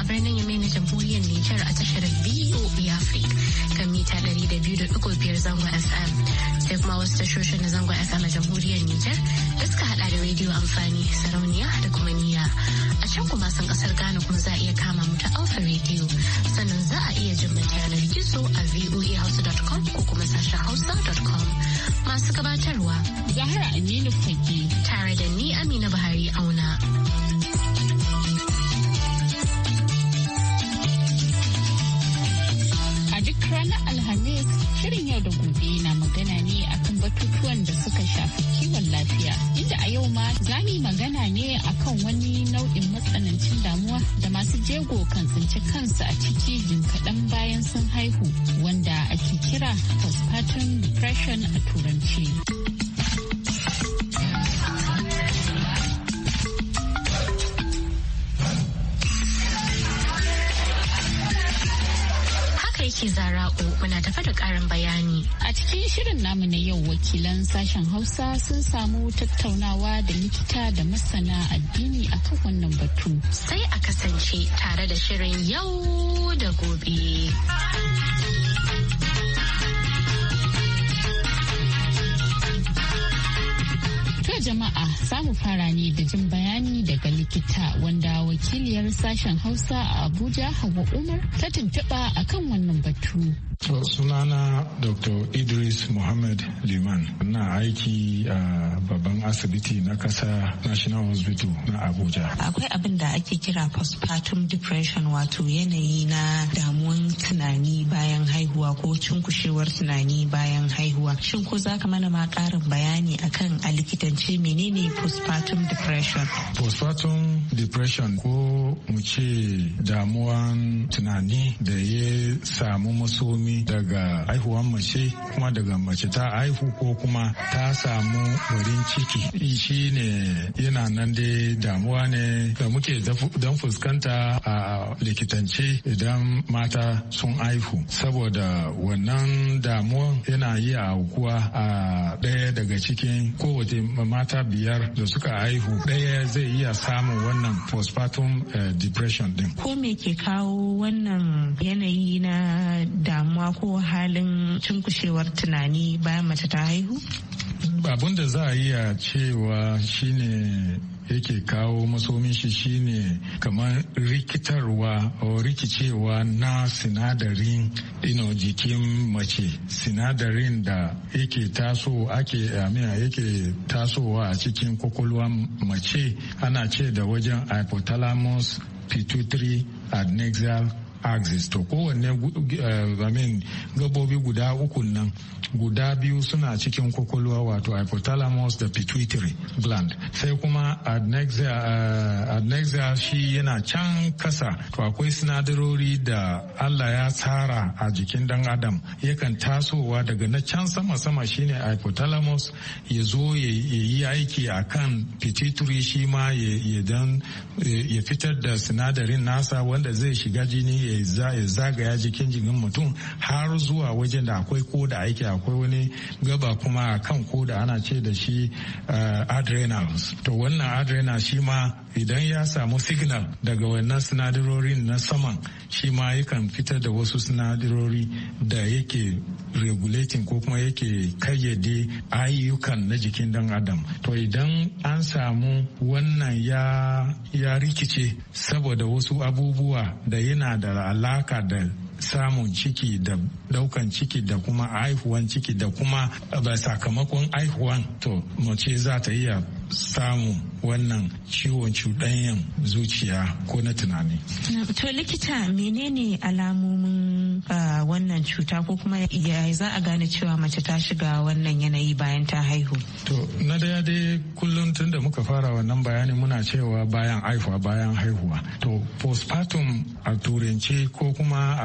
a birnin Yamai na jamhuriyar Nijar a tashar VOA Africa kan mita 200.5 zango FM. Sai kuma wasu tashoshin na zango FM a jamhuriyar Nijar da suka hada da rediyo amfani sarauniya da kuma niya. A can kuma sun kasar Ghana kuma za a iya kama mu ta Alpha Radio sannan za a iya jin yanar gizo a voahouse.com ko kuma sashen hausa.com. Masu gabatarwa. Zahra Aminu Fage. Tare da ni Amina Buhari Auna. Shirin yau da gobe na magana ne akan batutuwan da suka shafi kiwon lafiya. Inda a yau ma za mu magana ne akan wani nau'in matsanancin damuwa da masu jego kan tsinci kansu a ciki jin kaɗan bayan sun haihu wanda ake kira postpartum depression a turanci. ce zara'u muna tafa da karin bayani. A cikin shirin namu na yau wakilan sashen Hausa sun samu tattaunawa da likita da masana addini a akan wannan batu. Sai a kasance tare da shirin yau da gobe. jama'a samu fara ne da jin bayani daga likita wanda wakiliyar sashen Hausa a Abuja Hawa Umar ta tuntuɓa akan wannan batu. To sunana Dr. Idris Muhammad Liman na aiki a babban asibiti na kasa National Hospital na Abuja. Akwai abin da ake kira postpartum depression wato yanayi na damuwan tunani bayan haihuwa ko cunkushewar tunani bayan haihuwa. Shin ko za ka mana ma ƙarin bayani akan a likitanci. sai menene postpartum depression postpartum depression ko mu ce damuwan tunani da ya samu masomi daga haihuwan mace kuma daga mace ta haihu ko kuma ta samu barin ciki shi ne yana nan dai damuwa ne da muke don fuskanta a likitance idan mata sun haihu saboda wannan damuwan yana yi a a ɗaya daga cikin kowace mama. mata biyar da suka haihu ɗaya zai iya samun wannan postpartum eh, depression din. Ko me ke kawo wannan yanayi na damuwa ko halin cunkushewar tunani bayan mace ta haihu? Abin da za a iya cewa shine yake kawo masomin shi shine kamar rikitarwa rikicewa na sinadarin ino jikin mace sinadarin da yake taso ake amina yake tasowa a cikin kwakwalwa mace ana ce da wajen hypothalamus pituitary adnexal axis to kowanne eh, gabobi guda uku nan guda biyu suna cikin kwakwalwa wato hypothalamus da pituitary gland sai kuma eh, adnexia shi yana can kasa to akwai sinadarori da allah ya tsara a jikin dan adam yakan tasowa daga na can sama-sama shine hypothalamus ya zo ya yi aiki a kan pituitary shi ma ya fitar da sinadarin nasa wanda zai shiga jini ya zagaya jikin jikin mutum har zuwa wajen da akwai koda aiki akwai wani gaba kuma kan da ana ce da shi eh, adrenals to wannan adrenals shi ma idan ya samu signal daga wannan sinadarori na saman shi ma yakan fitar da wasu sinadarori da yake regulating ko kuma yake kayyade ayyukan na jikin dan adam to idan an samu wannan ya, rikice saboda wasu abubuwa da yana da alaka da samun ciki da daukan ciki da kuma haihuwan ciki da kuma sakamakon haihuwan to mace za ta iya samun wannan ciwon cuɗanyan zuciya ko na tunani. To likita menene alamomin ah, wannan cuta ko kuma ya za a gane cewa mace ta shiga wannan yanayi bayan ta haihu? To na daya dai kullum tun da muka fara wannan bayani muna cewa bayan haihuwa bayan haihuwa. To postpartum a turance ko kuma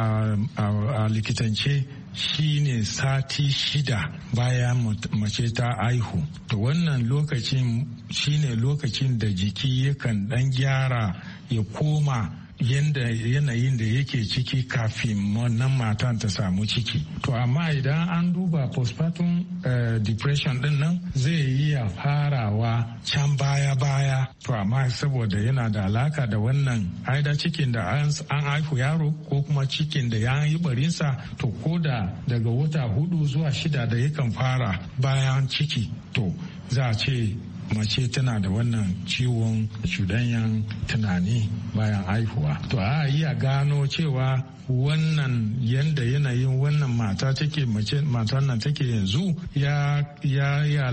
a likitance shine sati shida baya mace ta aihu to wannan lokacin shine lokacin da jiki yakan dan gyara ya koma yanda yanayin da yake ciki kafin wannan matan ta samu ciki to amma idan an duba postpartum uh, depression din nan zai iya farawa can baya-baya to amma saboda yana da alaka da wannan haida cikin da an haihu yaro ko kuma cikin da ya yi barinsa to ko da daga wata hudu zuwa shida da yakan fara bayan ciki to za a ce mace tana da wannan ciwon cudanyan tunani bayan haihuwa to a iya gano cewa wannan yanda yanayin wannan mata take mace mata nan take yanzu ya ya ya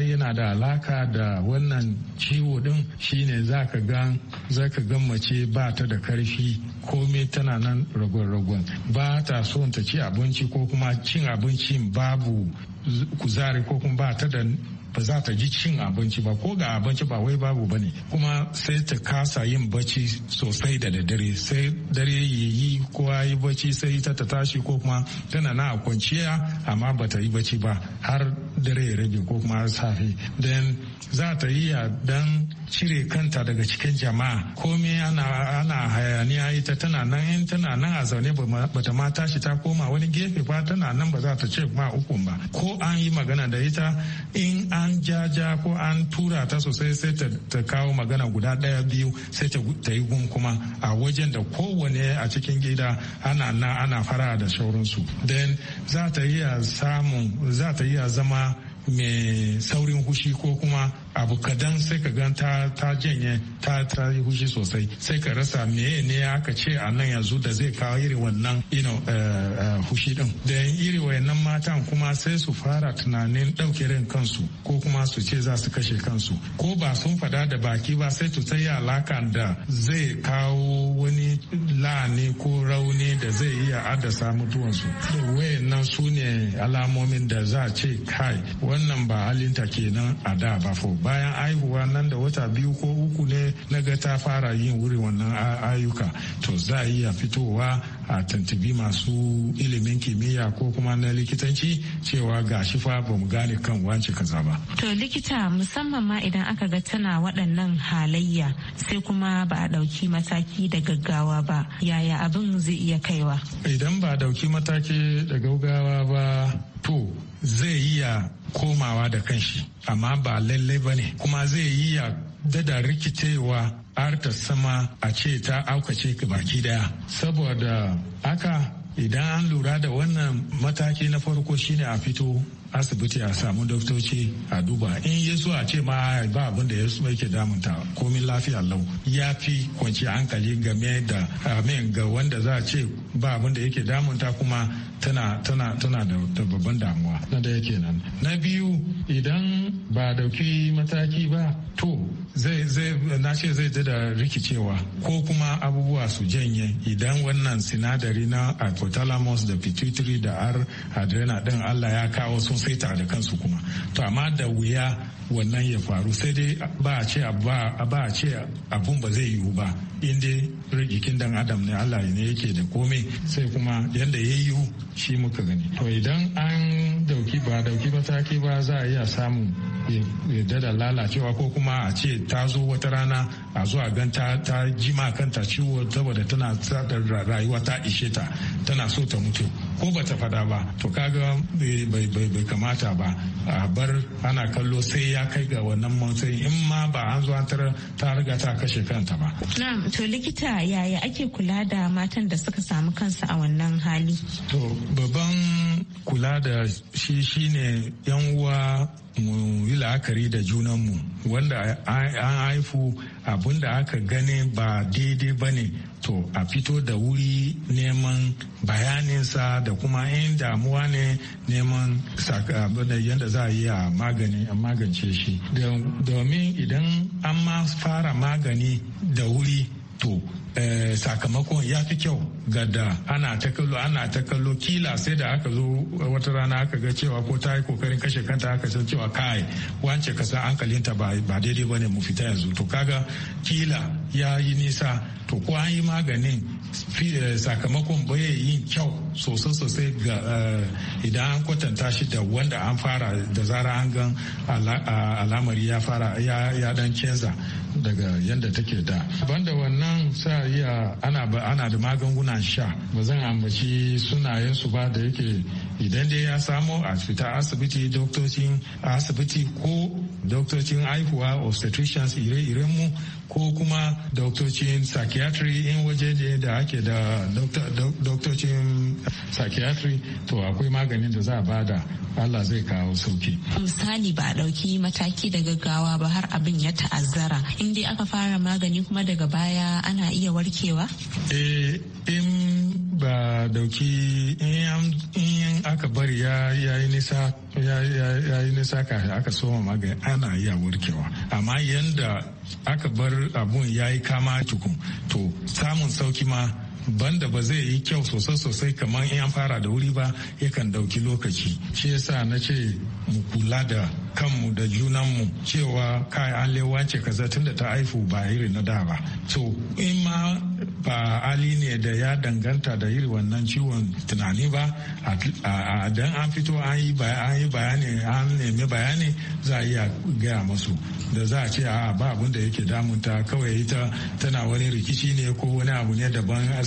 yana da alaka da wannan ciwo din shine zaka ga zaka ga mace ba ta da karfi komai tana nan ragon-ragon ba ta son ta ci abinci ko kuma cin abincin babu kuzari ko kuma ba ta da ba za ta ji cin abinci ba ko ga abinci ba wai babu ba ne kuma sai ta kasa yin bacci sosai da dare sai dare ya yi a yi bacci sai ta ta tashi ko kuma tana na kwanciya amma ba ta yi bacci ba har dare ya rage ko kuma har safe za ta iya dan cire kanta daga cikin jama'a komai ana ana hayaniya ita tana nan in tana nan a zaune ba ta mata shi ta koma wani gefe ba tana nan ba za ta ce ma ukun ba ko an yi magana da ita in an jaja ko an tura ta sosai sai ta kawo magana guda ɗaya biyu sai ta yi gun kuma a wajen da kowane a cikin gida ana na ana fara da sauransu den za ta iya samun za ta iya zama mai saurin hushi ko kuma abu kadan sai ka gan ta janye ta yi hushi sosai sai ka rasa meye ne aka ce a nan yanzu da zai kawo iri wannan you know, eh, eh, hushi din da iri wayannan matan kuma sai su fara tunanin ɗauke rin kansu ko kuma su ce za su kashe kansu ko ba sun fada da baki ba sai su yi alaka da zai kawo wani la'ani ko rauni da zai iya addasa mutuwansu da wayannan su ne alamomin da za a ce kai wannan ba halinta kenan a da ba fo bayan aihuwa nan da wata biyu ko uku ne na ga ta fara yin wuri wannan ayyuka to za a iya fitowa a tantabi masu ilimin kimiyya ko kuma na likitanci cewa ga shi fa ba mu gane kan wance kaza ba. To likita musamman ma idan aka ga tana waɗannan halayya sai kuma ba a ɗauki mataki da gaggawa ba yaya abin zai iya kaiwa. Idan ba a ɗauki mataki da gaggawa ba to zai iya komawa da kanshi amma ba lalle ba ne kuma zai iya dada rikicewa har ta sama a ce ta aukace baki daya saboda haka idan an lura da wannan mataki na farko shine a fito asibiti a samu doktoci a duba in ya so a ce ma ba abin da ya so yake damunta komin lafiya lau ya fi kwanci hankali game da amin ga wanda za a ce ba abin da yake damunta kuma tana tana tana da babban damuwa na da yake nan na biyu idan ba dauki mataki ba to zai zai na ce zai da rikicewa ko kuma abubuwa su janye idan wannan sinadari na hypothalamus da pituitary da r adrena din Allah ya kawo sun saita da kansu kuma to amma da wuya wannan ya faru sai dai ba a ce ba a ce abun ba zai yiwu ba in dai dan adam ne Allah ne yake da komai sai kuma yadda ya yiwu shi muka gani to idan an dauki ba dauki mataki ba za a iya samu ya dada lalacewa ko kuma a ce ta zo wata rana a zuwa a gan ta ta jima kanta ciwo saboda tana tsadar rayuwa ta ishe ta tana so ta mutu ko bata fada ba to kaga bai kamata ba a bar ana kallo sai ya kai ga wannan matsayin in ma ba an zo an ta riga ta kashe kanta ba na'am to likita yaya ake kula da matan da suka samu kansu a wannan hali to babban kula da shi shine yan uwa mu yi la'akari da junan mu wanda an haifu abin da aka gane ba daidai ba ne to a fito da wuri neman bayaninsa da kuma yin damuwa ne neman yadda za a yi a magance shi domin idan an ma fara magani da wuri to eh, sakamakon ya fi kyau ga da ana ta kallo ana ta kallo kila sai da aka zo wata rana aka ga cewa ko ta yi kokarin kashe kanta aka san cewa kai wance ka san hankalinta ba daidai ba ne mu fita yanzu to kaga kila ya yi nisa to ko an yi maganin eh, sakamakon bai yin kyau sosai sosai ga eh, idan an kwatanta shi da wanda an fara da zara an gan alamari ya fara ya dan canza daga yadda take da banda wannan sa iya ana ana da magungunan sha ba zan ambaci sunayen su ba da yake idan dai ya samo a fita asibiti doktocin asibiti ko doktocin aihuwa obstetricians ire-iren mu ko kuma doktocin psychiatry in waje ne da ake da doktocin psychiatry to akwai maganin da za a bada Allah zai kawo sauki. misali ba a ɗauki mataki da gaggawa ba har abin ya ta'azzara in dai aka fara magani kuma daga baya ana iya warkewa? eh in ba dauki in aka bari ya yi nisa ya yi nisa ka aka soma magani ana iya warkewa amma yanda aka bar abun ya yi kama tukun to samun sauki ma banda ba zai yi kyau sosai-sosai kamar in an fara da wuri ba yakan dauki lokaci shi yasa na ce mu kula da kanmu da junanmu cewa kai an lewa ce tun da ta haifu ba irin na da ba to in ma ba hali ne da ya danganta da yin wannan ciwon tunani ba dan an fito an yi bayani an nemi bayani za a iya gaya masu da za a ce a ba abun da yake damunta kawai ita tana wani rikici ne ko wani abu ne daban a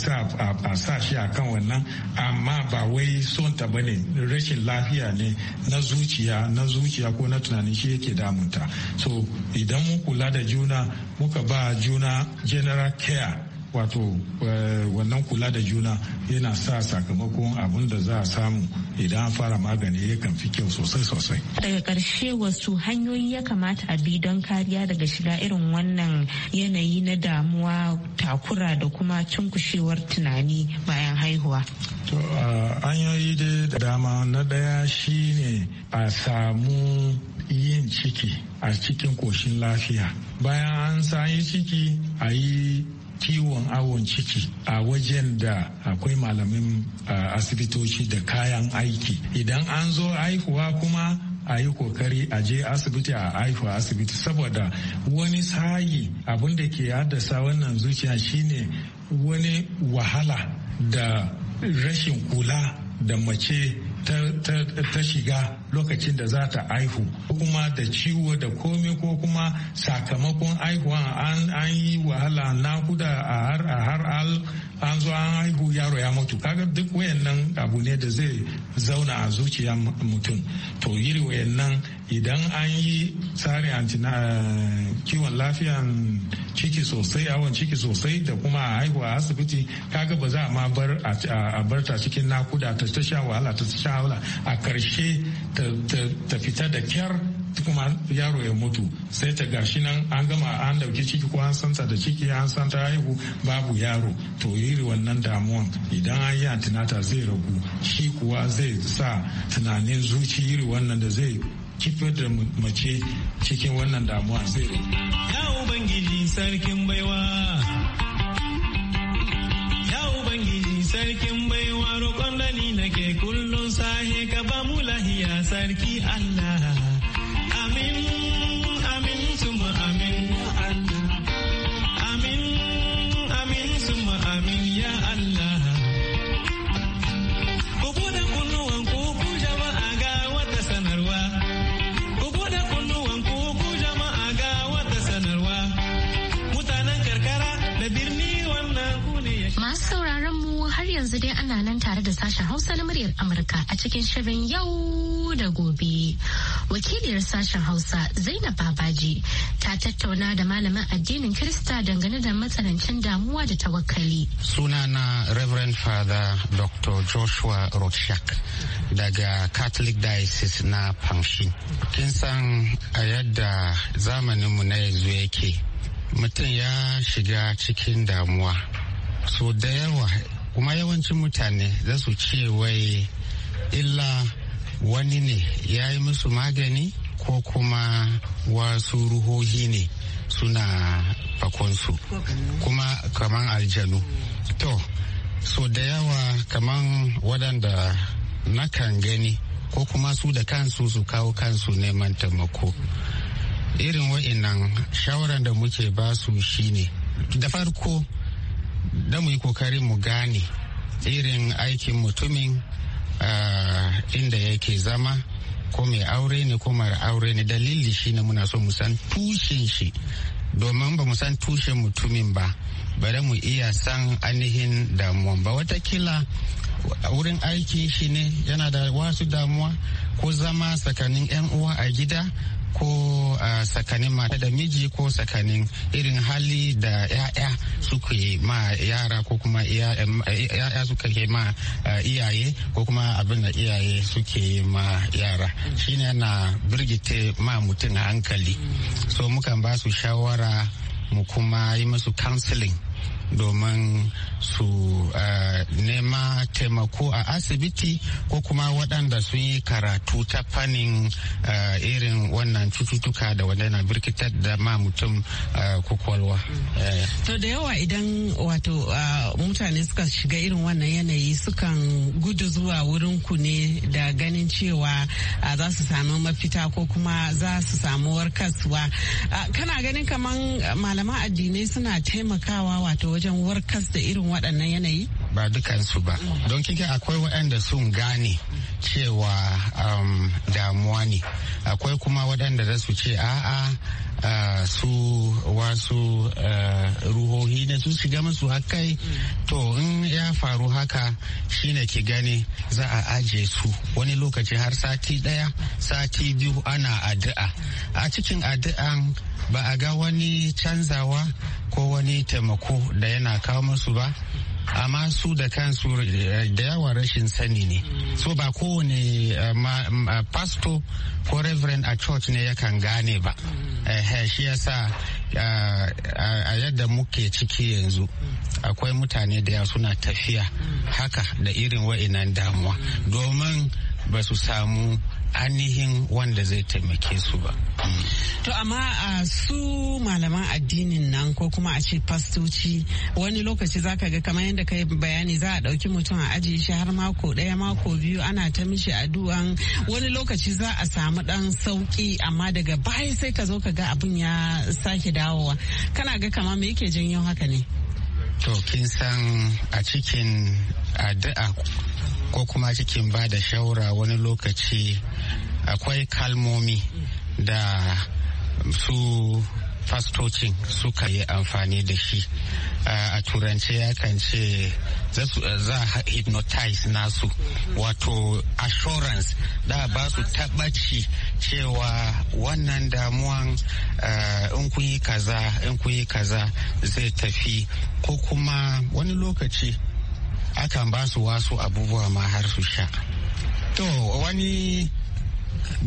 sa shi a kan wannan amma ba wai son ta bane rashin lafiya ne na zuciya na zuciya ko na tunani shi yake damunta so idan mun kula da juna muka ba juna general care wato eh, wannan kula da juna yana sa sakamakon abin da za a samu idan an fara magani kan fi kyau sosai sosai daga karshe wasu hanyoyi ya kamata a bi don kariya daga shiga irin wannan yanayi na damuwa takura da kuma cunkushewar tunani bayan haihuwa to hanyoyi da dama na daya shine a samu yin ciki a cikin koshin lafiya bayan an sa yi ciki a yi kiwon awon ciki a wajen da akwai malamin asibitoci da kayan aiki idan an zo haihuwa kuma a yi kokari a je asibiti a haihu asibiti saboda wani sayi abin da ke haddasa wannan zuciya shine wani wahala da rashin kula da mace ta shiga lokacin da za ta aihu kuma da ciwo da komi ko kuma sakamakon aihuwa an yi wahala nakuda a har an zo an haihu yaro ya mutu kaga duk wayannan abu ne da zai zauna a zuciya mutum to yiri wayannan idan an yi tsari tsarin eh, kiwon lafiyan ciki sosai awon ciki sosai da kuma a haihuwa a asibiti kaga ba za a ma bar a barta cikin nakuda ta sha wahala ta sha wahala a karshe ta fita da kyar kuma yaro ya mutu sai ta gashi nan an gama an dauki ciki ko an santa da ciki an santa haihu babu yaro to iri wannan damuwan idan an yi antinata zai ragu shi kuwa zai sa tunanin zuci iri wannan da zai kifar da mace cikin wannan damuwa zai ragu sarkin baiwa ya sarkin baiwa roƙon nake kullum sahe ka ba lahiya sarki allah yanzu dai ana nan tare da sashen Hausa na muryar Amurka a cikin shirin yau da gobe. Wakiliyar sashen Hausa Zainab Babaji ta tattauna da malamin addinin Kirista dangane da matsanancin damuwa da tawakkali. Sunana Reverend Father Dr. Joshua Rochak daga Catholic Diocese na Pamshi. Kin san a yadda zamaninmu na yanzu yake mutum ya shiga cikin damuwa. So da yawa kuma yawancin mutane za su ce wai illa wani ne ya yi musu magani ko kuma wasu ruhohi ne suna fakonsu kuma kaman aljanu to so da yawa kaman waɗanda kan gani ko kuma su da kansu su kawo kansu neman taimako irin wa'in nan shawaran da muke ba basu shine da farko da mu yi kokari mu gane irin aikin mutumin ah, inda yake zama ko mai aure ne ko mara aure ne dalili shi ne muna so mu san tushen shi domin ba mu san tushen mutumin ba bari mu iya san ainihin damuwan ba watakila wurin aikin shi ne yana da wasu damuwa ko zama tsakanin 'yan uwa a gida ko ah, tsakanin mata da miji ko tsakanin irin hali da 'ya'ya suka yi ma yara ko kuma eh, 'ya'ya suka yi ma ah, iyaye ko kuma abin da iyaye suke ma yara shine na birgite ma mutum hankali so mukan ba su shawara mu kuma yi musu counseling domin su eh, nema taimako a asibiti ko kuma waɗanda sun yi karatu ta fannin eh, irin wannan cututtuka da wadana birkitar da ma mutum eh, kwakwalwa. To da yawa idan wato mutane suka shiga irin wannan yanayi sukan gudu zuwa wurin ku ne da ganin cewa za su samu mafita ko kuma za su samu warkaswa. Kana ganin kamar malaman addinai suna taimakawa wato wajen warkas da irin waɗannan yanayi? Ba dukansu ba. Don kike akwai waɗanda sun gane cewa um, damuwa ne. Akwai kuma waɗanda za su ce a'a uh, su wasu uh, ruhohi na su shiga masu hakai to in ya faru haka shine ki gane. za a aje su wani lokaci har sati ɗaya. sati biyu ana addu'a a cikin addu'an ba a ga wani canzawa ko wani taimako da yana kawo musu ba amma su da kansu eh, da yawa rashin sani ne so ba kowane eh, mm, eh, pastor ko reverend a church ne yakan gane ba shi ya sa a yadda muke ciki yanzu akwai mutane da yawa suna tafiya haka da irin wa'inan damuwa domin ba su samu ainihin wanda zai taimake su ba. To amma a su malaman addinin nan ko kuma a ce fastoci wani lokaci za ka ga kamar yadda ka yi bayani za a ɗauki mutum a ajiye shi har mako ɗaya mako biyu ana ta mishi addu'an wani lokaci za a samu ɗan sauki amma daga baya sai ka zo ka ga abin ya sake dawowa kana ga kamar me yake janyo haka ne. to kin san a cikin addu'a ko kuma cikin ba da shawara wani lokaci akwai kalmomi da su fastocin suka yi amfani da shi a turance ya kan ce za a hypnotize nasu wato assurance da ba su tabbaci cewa wannan damuwan in kuyi kaza in kuyi kaza zai tafi ko kuma wani lokaci akan ba su wasu abubuwa ma har su sha to wani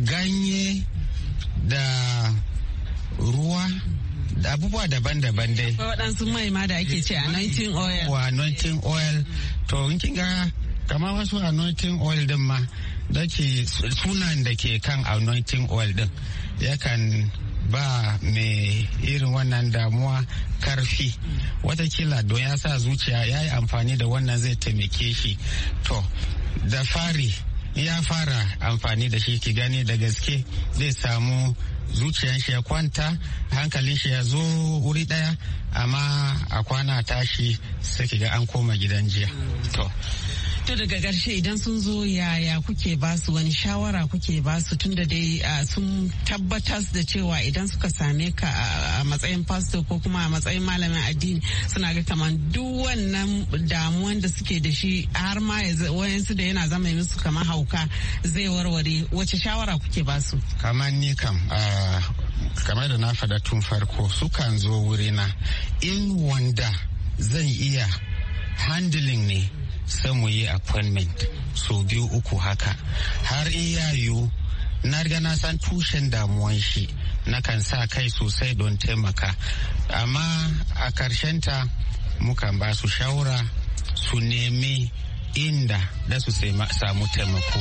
ganye da ruwa da abubuwa daban-daban dai. Akwai waɗansu mai ma da ake ce anointing oil. Wa anointing oil. To in kin ga kamar wasu anointing oil din ma da ke sunan da ke kan anointing oil din yakan ba mai irin wannan damuwa karfi watakila don ya sa zuciya ya yi amfani da wannan zai taimake shi to da fari ya fara amfani da shi ki gani da gaske zai samu zuciyan shi ya kwanta hankalin shi ya zo wuri daya amma a kwana tashi sai ga an koma gidan jiya To daga ƙarshe idan sun zo yaya kuke ba su wani shawara kuke ba su da dai sun tabbatar da cewa idan suka same ka a matsayin pastor ko kuma a matsayin malamin addini suna ga kamar duk wannan damuwan da suke da shi har ma wayansu da yana zama musu kamar hauka zai warware wace shawara kuke ba su. Kamar ni kam kamar da na faɗa tun farko sukan zo wurina in wanda zan iya handling ne. sai mu yi appointment so biyu uku haka har in ya yiwu na riga na san tushen damuwan shi na kan sa kai sosai don taimaka amma a ta mukan ba su shawara su nemi inda da su samu taimako.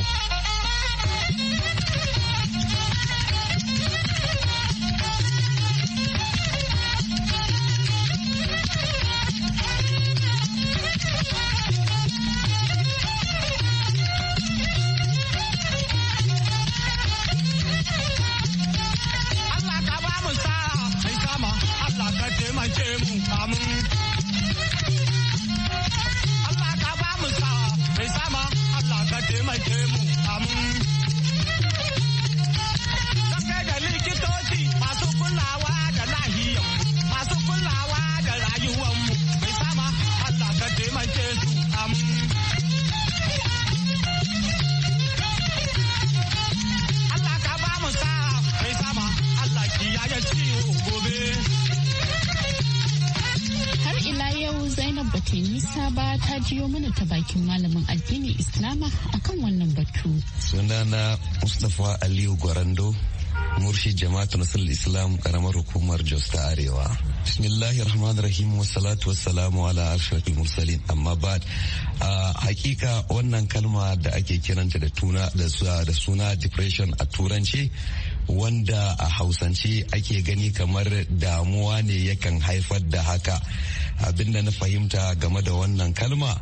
ke nisa ba ta jiyo mana ta bakin malamin addinin Islama akan wannan batu. Sunana Mustapha Aliyu Gwarando, murshi jama'atul nasarar Islam karamar hukumar Jos ta Arewa. bismillahi rahman Rahim wa salatu salamu ala ashrafil mursalin amma ba a hakika wannan kalma da ake kiranta da tuna da suna depression a turanci wanda a hausance ake gani kamar damuwa ne yakan haifar da haka abinda na fahimta game da wannan kalma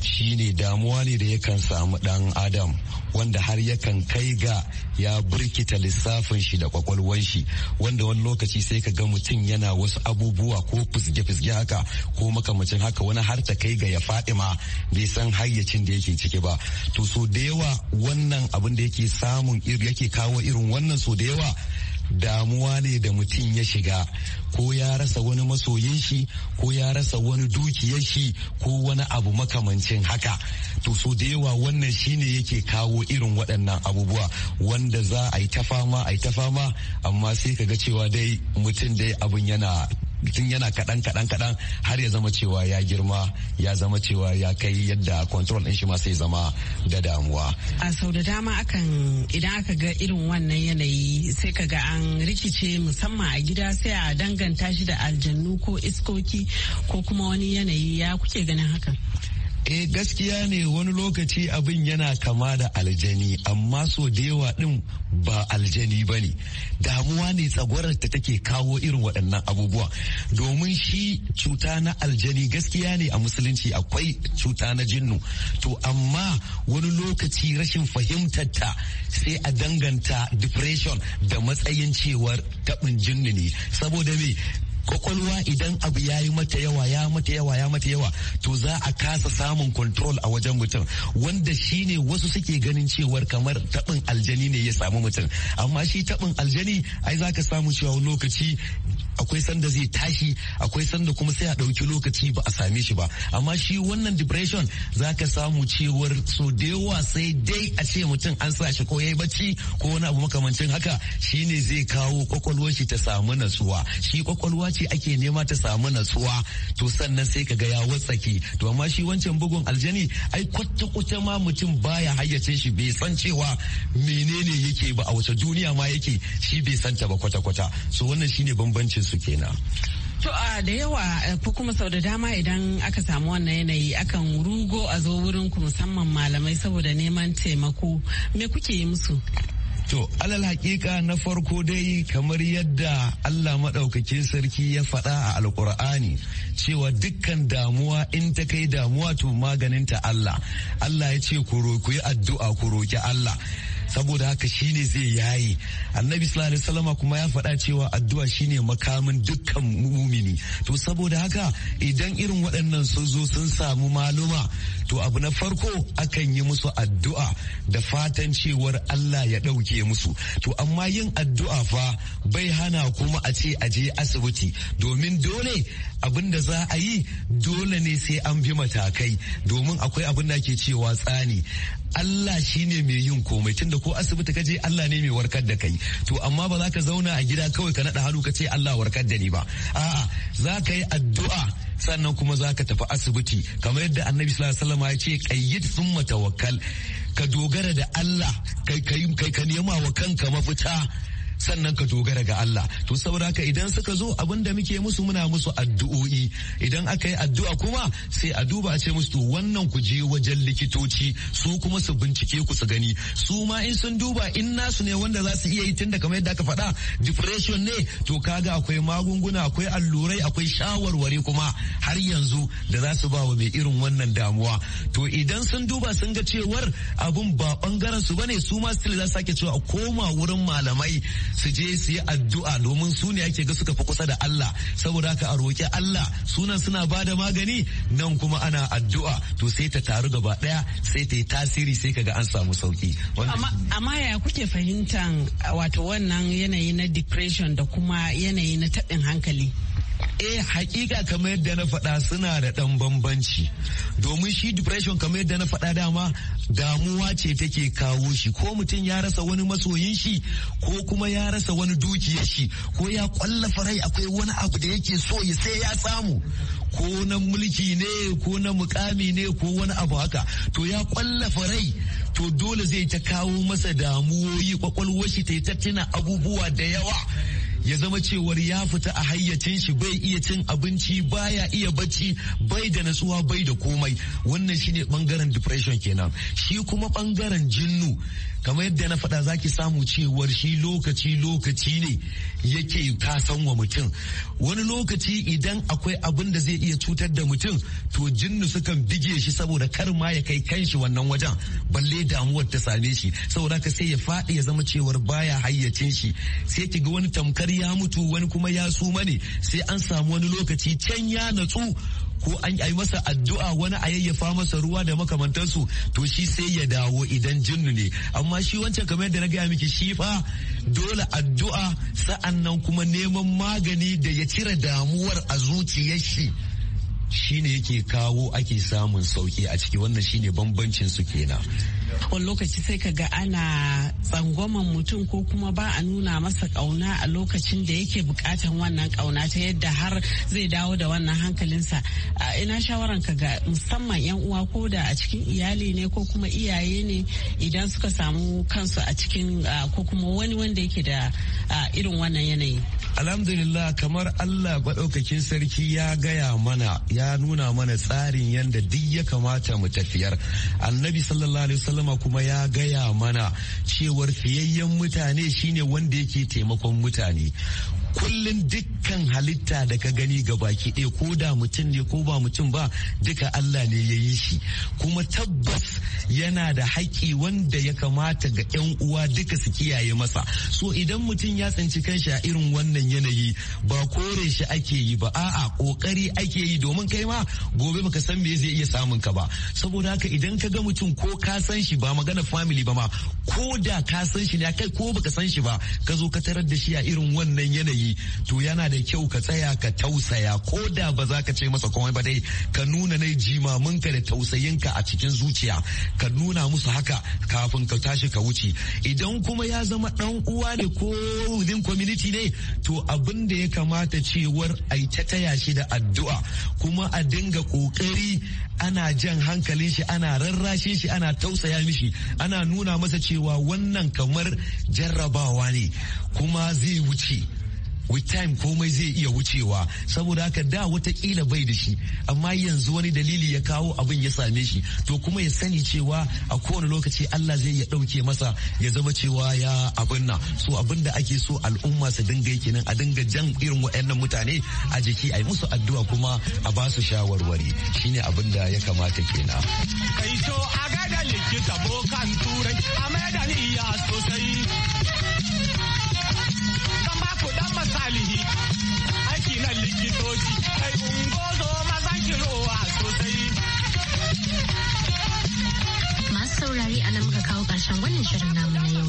shine damuwa ne da yakan samu dan adam wanda har yakan kai ga ya birkita lissafin shi da kwakwalwar shi wanda wani lokaci sai ka ga mutum yana wasu abubuwa ko fisge-fisge haka ko makamacin haka wani har ta kai ga ya faɗi ma bai san hayyacin da yake ciki ba to so da yawa wannan abin da yake samun yake kawo irin wannan so da yawa damuwa ne da mutum ya shiga ko ya rasa wani masoyin shi ko ya rasa wani dukiyar shi ko wani abu makamancin haka to so da yawa wannan shine yake kawo irin waɗannan abubuwa wanda za a yi ta fama a yi ta fama amma sai ka ga cewa dai mutum dai abin yana tun yana kaɗan kaɗan kaɗan har ya zama cewa ya girma ya zama cewa ya kai yadda control ɗin shi ma sai zama da damuwa. A sau da dama akan idan aka ga irin wannan yanayi sai ka ga an rikice musamman a gida sai a danganta shi da aljannu ko iskoki ko kuma wani yanayi ya kuke ganin hakan. eh gaskiya ne wani lokaci abin yana kama da aljani amma so da yawa din ba aljani ba ne damuwa ne tsagwarar ta take kawo irin waɗannan abubuwa domin shi cuta na aljani gaskiya ne a musulunci akwai cuta na jinnu to amma wani lokaci rashin fahimtar ta sai a danganta depression da matsayin cewar taɓin jinnu ne saboda me kwakwalwa idan abu ya yi mata yawa ya mata yawa ya mata yawa to za a kasa samun control a wajen mutum wanda shine wasu suke ganin cewar kamar tabin aljani ne ya samu mutum amma shi tabin aljani ai ka samu cewa lokaci akwai sanda zai tashi akwai sanda kuma sai a ɗauki lokaci ba a same shi ba amma shi wannan depression za ka samu cewar so da yawa sai dai a ce mutum an sa shi ko ya yi bacci ko wani abu makamancin haka shi ne zai kawo kwakwalwar shi ta samu natsuwa shi kwakwalwa ce ake nema ta samu natsuwa to sannan sai ka ga ya watsaki to amma shi wancan bugun aljani ai kwata kwata ma mutum baya hayyace shi bai san cewa menene yake ba a wace duniya ma yake shi bai san ta ba kwata kwata so wannan shine bambancin su kenan To a da yawa eh, ko kuma sau da dama idan aka samu wannan yanayi akan rugo a zo wurin ku musamman malamai saboda neman taimako me kuke yi musu? To, alal hakika na farko dai kamar yadda Allah maɗaukakin sarki ya faɗa a alkur'ani cewa dukkan damuwa in ta kai damuwa to maganinta Allah. Allah ya ce ku yi addu'a ku roki Allah. saboda haka shine zai yayi annabi sallallahu alaihi wasallam kuma ya faɗa cewa addu'a shine makamin dukkan mumini to saboda haka idan irin waɗannan sun zo sun samu maluma to abu na farko akan yi musu addu'a da fatan cewar Allah ya ɗauke musu to amma yin addu'a fa bai hana kuma a ce a je asibiti domin dole abin da za a yi dole ne sai an bi matakai domin akwai abin da ke cewa tsani Allah shi ne mai yin komai tunda ko asibiti ka je Allah ne mai warkar da kai to amma ba za ka zauna a gida kawai ka naɗa hannu ka ce Allah warkar da ni ba a'a za ka yi addu'a sannan kuma za ka tafi asibiti kamar yadda annabi sallallahu ya ce qayyid summa tawakkal ka dogara da Allah kai kai kai ka nema wa kanka mafita sannan ka dogara ga Allah to saboda haka idan suka zo abin da muke musu muna musu addu'o'i idan aka yi addu'a kuma sai a duba a ce musu to wannan ku je wajen likitoci su kuma su bincike ku su gani su ma in sun duba in nasu ne wanda za su iya yi tunda kamar yadda aka faɗa depression ne to kaga akwai magunguna akwai allurai akwai shawarwari kuma har yanzu da za su ba wa mai irin wannan damuwa to idan sun duba sun ga cewar abun ba bangaren su bane su ma still za su sake cewa a koma wurin malamai su je su yi addu'a domin su ne ake ga suka fi kusa da Allah saboda haka a roƙi Allah sunan suna ba da magani nan kuma ana addu'a to sai ta taru gaba daya sai ta yi tasiri sai kaga an samu sauki amma ya kuke fahimtan wato wannan yanayi na depression da kuma yanayi na taɓin hankali eh hakika kamar yadda na faɗa suna da ɗan bambanci domin shi depression kamar yadda na faɗa dama damuwa ce take kawo shi ko mutum ya rasa wani masoyin shi ko kuma ya rasa wani dukiyar shi ko ya kwallafa rai akwai wani abu da yake so ya sai ya samu ko na mulki ne ko na mukami ne ko wani abu haka to ya kwallafa rai to dole zai ta kawo masa damuwoyi kwakwalwar shi ta yi tuna abubuwa da yawa ya zama cewar ya fita a hayyacin shi bai iya cin abinci baya iya bacci bai da natsuwa bai da komai wannan shine bangaren depression kenan shi kuma bangaren jinnu kamar yadda na faɗa zaki samu cewar shi lokaci lokaci ne yake san wa mutum wani lokaci idan akwai abin da zai iya cutar da mutum to jinnu sukan bige shi saboda kar ma ya kai kanshi wannan wajen balle damuwar ta same shi saboda ka sai ya faɗi ya zama cewar baya hayyacin shi sai ki ga wani tamkar ya mutu wani kuma ya suma ne sai an samu wani lokaci can ya natsu ko an yi masa addu'a wani a yayyafa masa ruwa da makamantansu to shi sai ya dawo idan jinnu ne amma shi wancan kamar yadda na gaya miki shi fa dole addu'a sa'annan kuma neman magani da ya cire damuwar a zuciyar shi shine yake kawo ake samun sauki a ciki wannan shine bambancin su kenan wani lokaci sai ka ga ana tsangwaman mutum ko kuma ba a nuna masa kauna a lokacin da yake bukatan wannan kauna ta yadda har zai dawo da wannan hankalinsa a ina shawaran ka ga musamman yan uwa ko da a cikin iyali ne ko kuma iyaye ne idan suka samu kansu a cikin ko kuma wani wanda yake da irin wannan yanayi alhamdulillah kamar allah maɗaukakin sarki ya gaya mana ya nuna mana tsarin yadda duk ya kamata mu tafiyar annabi sallallahu alaihi wasallam sallama kuma ya gaya mana cewar fiyayyen mutane shine wanda yake taimakon mutane kullum dukkan halitta da ka gani ga baki ɗaya ko da mutum ne ko ba mutum ba duka Allah ne ya yi shi kuma tabbas yana da haƙƙi wanda ya kamata ga 'yan uwa duka su kiyaye masa so idan mutum ya tsinci kanshi a irin wannan yanayi ba kore shi ake yi ba a'a kokari ake yi domin kai ma gobe baka san me zai iya samun ka ba saboda haka idan ka ga mutum ko ka san shi ba magana family ba ma ko da ka san shi ne kai ko baka san shi ba ka zo ka tarar da shi a irin wannan yanayi yi to yana da kyau ka tsaya ka tausaya ko da ba za ka ce masa komai ba dai ka nuna na jimaminka da tausayinka a cikin zuciya ka nuna musu haka kafin ka tashi ka wuce idan kuma ya zama dan uwa ne ko within community ne to abin da ya kamata cewar a ta taya shi da addu'a kuma a dinga kokari ana jan hankalin shi ana rarrashe shi ana tausaya mishi ana nuna masa cewa wannan kamar jarrabawa ne kuma zai wuce with time komai zai iya wucewa saboda haka da watakila bai da shi amma yanzu wani dalili ya kawo abin ya same shi to kuma ya sani cewa a kowane lokaci Allah zai ya dauke masa ya zama cewa ya abin na so abin da ake so al'umma su dinga yi kenan a dinga jan irin waɗannan mutane a jiki a yi musu addu'a kuma a ba su shawarwari shine abin da ya kamata kenan. Kai to a ga likita bokan turai a da niyya sosai. karshen wannan shirin namu na yau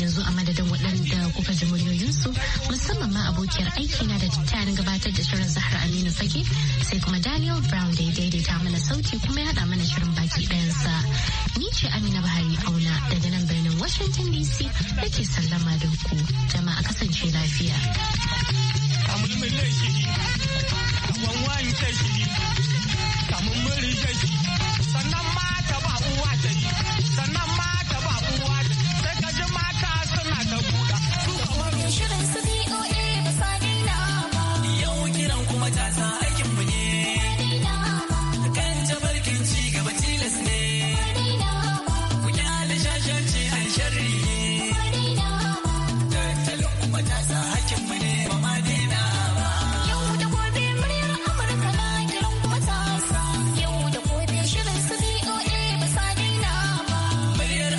yanzu a madadin waɗanda kuka ji muryoyinsu musamman ma abokiyar aiki na da tattalin gabatar da shirin zahar aminu sake sai kuma daniel brown da ya daidaita mana sauti kuma ya haɗa mana shirin baki ɗayansa ni ce amina bahari auna daga nan birnin washington dc da ke sallama da ku jama'a kasance lafiya. Sannan